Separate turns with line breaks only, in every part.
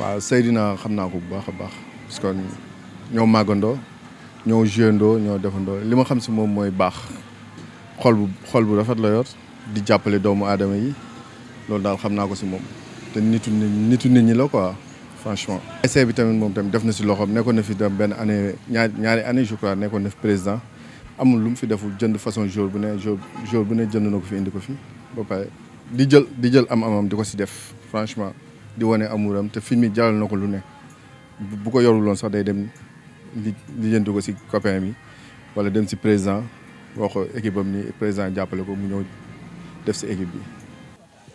waaw Seydina xam naa ko bu baax a baax parce ñoo màggandoo ñoo jëndoo ñoo defandoo li ma xam si moom mooy baax xol bu xol bu rafet la yor di jàppale doomu aadama yi loolu daal xam naa ko si moom te nitu nitu nit ñi la quoi franchement. essai bi tamit moom tamit def na si loxoom nekkoon na fi dem benn année ñaari ñaari année je nekkoon na fi président. amul lu fi deful jënd façon jour bu ne jour bu ne jënd na fi indi ko fi ba pare di jël di jël am amam diko ko si def franchement di woné amuram te film yi jaral na lu né bu ko yorul woon sax day dem li li jënd ko si copain mi wala dem si président wax équipe am ni président jàppale ko mu ñëw def ci équipe bi.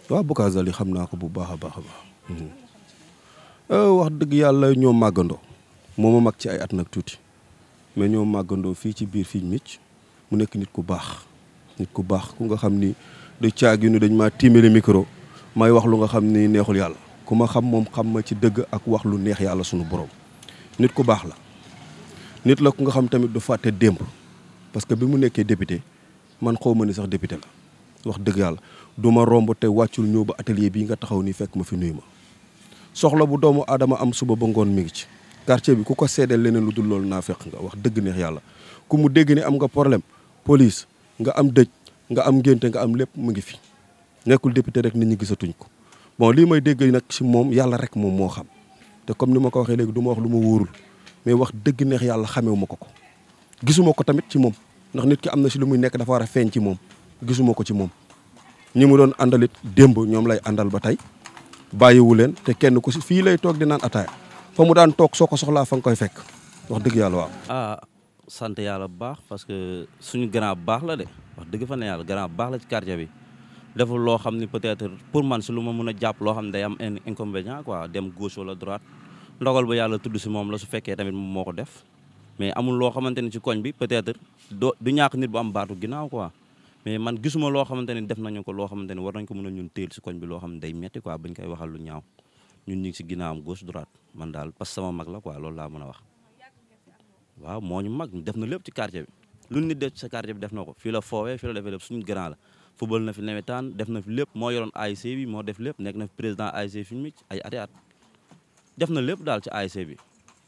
wa waaw Boubacar xam naa ko bu baaxa baaxa baax mhm.
euh wax dëgg yalla ñoo magando moma mag ci ay at nak tuti mais ñoo màggandoo fii ci biir fii micc mu nekk nit ku baax nit ku baax ku nga xam ni du caag yu ni dañ maa tiimale micro may wax lu nga xam ni neexul yàlla ku ma xam moom xam ma ci dëgg ak wax lu neex yàlla sunu borom nit ku baax la nit la ku nga xam tamit du fàtte démb parce que bi mu nekkee député man xaw ma ni sax député la wax dëgg yàlla du ma romb te wàccul ñëw ba atelier bii nga taxaw ni fekk ma fi nuyu ma soxla bu doomu aadama am suba ba ngoon mi ngi ci quartier bi ku ko seedeel leneen lu dul loolu naa fekk nga wax dëgg neex yàlla ku mu dégg ne am nga problème police nga am dëj nga am ngénte nga am lépp mu ngi fi nekkul député rek nit ñi gisatuñ ko bon lii may dégg nag ci moom yàlla rek moom moo xam te comme ni ma ko waxee léegi du ma wax lu ma wóorul mais wax dëgg neex yàlla xamewu ma ko ko gisuma ko tamit ci moom ndax nit ki am na si lu muy nekk dafa war a feeñ ci moom gisuma ko ci moom ñi mu doon àndalit démb ñoom lay àndal ba tey bàyyiwu leen te kenn ku si fii lay toog di naan ataaya fa mu daan toog soo ko soxlaa fa nga koy fekk wax dëgg yàlla waaw.
ah sant yàlla bu baax parce que suñu grand baax la de wax dëgg fa ne yàlla grand baax la ci quartier bi deful loo xam ni peut-être pour man si lu ma mën a jàpp loo xam ne day am inconvénient quoi dem gauche wala droite ndogal ba yàlla tudd si moom la su fekkee tamit moom moo def mais amul loo xamante ni ci koñ bi peut-être do du ñàkk nit bu am baatu ginnaaw quoi. mais man gisuma loo xamante ni def nañu ko loo xamante ni war nañ ko mën a ñun téel si koñ bi loo xam ne day metti quoi bañ koy waxal lu ñaaw ñun ñu ngi si ginnaawam gauche droite man daal parce que sama mag la quoi loolu laa mën a wax waaw moo ñu mag def na lépp ci quartier bi lu nit def ci sa quartier bi def na ko fii la foowee fii la suñu grand la football na fi nawetaan def na fi lépp moo yoroon ASC bi moo def lépp nekk na fi président ASC fi mu ay ati at def na lépp daal ci ASC bi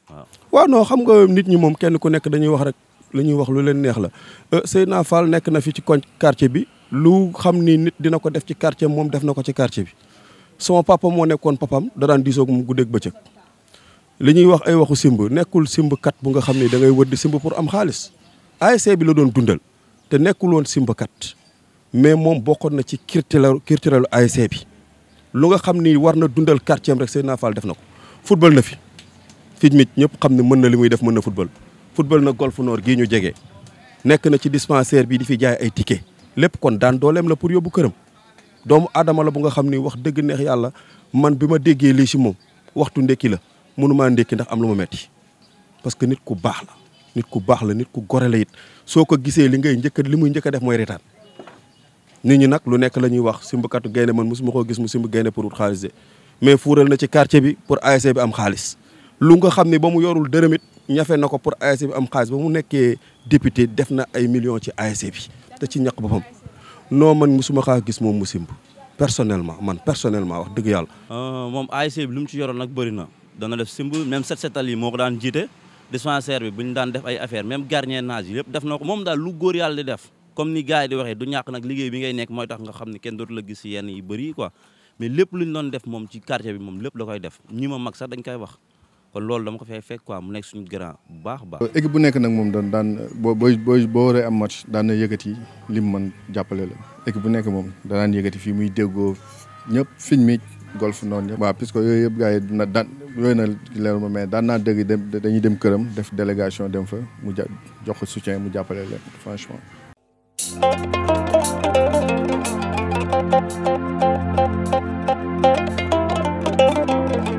waaw.
waaw non xam nga nit ñi moom kenn ku nekk dañuy wax rek li ñuy wax lu leen neex la euh, Seydina Fall nekk na fi ci koñ quartier bi lu xam ni nit dina ko def ci quartier moom def na ko ci quartier bi. sama papa moo nekkoon papam da daan diisoo mu guddeeg bëccëg li ñuy wax ay waxu simb nekkul simb kat bu nga xam ne da ngay wër di simb pour am xaalis ASC bi la doon dundal te nekkul woon simb kat mais moom bokkoon na ci culturel culturelu ASC bi lu nga xam ni war na dundal quartier rek Seydina Fall def na ko football na fi fii mit ñëpp xam ne mën na li muy def mën na football football na golf nord gii ñu jege nekk na ci dispensaire bi di fi jaay ay ticket lépp kon daan dooleem la pour yóbbu këram doomu aadama la bu nga xam ni wax dëgg neex yàlla man bi ma déggee lii si moom waxtu ndekki la mënumaa ndekki ndax am lu ma metti parce que nit ku baax la nit ku baax la nit ku gore la it soo ko gisee li ngay njëkk li muy njëkk def mooy retaan nit ñu nag lu nekk la ñuy wax simbukatu gaynde man mosuma koo gis mu simb gaynde pour wut xaalis de mais fuural na ci quartier bi pour ASC bi am xaalis lu nga xam ni ba mu yorul dërëmit ñafe na ko pour ASC bi am xaalis ba mu nekkee député def na ay millions ci ASC te ci ñàkk boppam non man musuma xaa gis moom mu simb personnellement man personnellement wax dëgg yàlla.
Euh, mom ASC bi lu mu ci yoroon nag bëri na dana def simb même set setal yi moo daan jiite dispensaire bi bu ñu daan def ay affaire même gardiennage yi lépp def na ko moom daal lu góor yàlla di def. comme ni gars di waxee du ñàkk nag liggéey bi ngay nekk mooy tax nga xam ne kenn dootu la gis yenn yi bëri quoi mais lépp lu ñu doon def moom ci quartier bi moom lépp da koy def ñi ma mag sax dañ koy kon loolu dama ko fay fekk quoi mu nekk suñu grand bu baax baax. Euh, équipe
bu nekk nag moom daan daan boo booy boo waree am match daan na yëkkati lim man jàppale la équipe bu nekk moom danaan yëkkati fii muy déggoo ñëpp fi mi golf noonu yëpp. waaw que yooyu yëpp gars yi na daan yooyu na leeruma mais daan naa dégg dem dañuy dem këram def délégation dem fa mu ja jox ko soutien mu jàppale la franchement.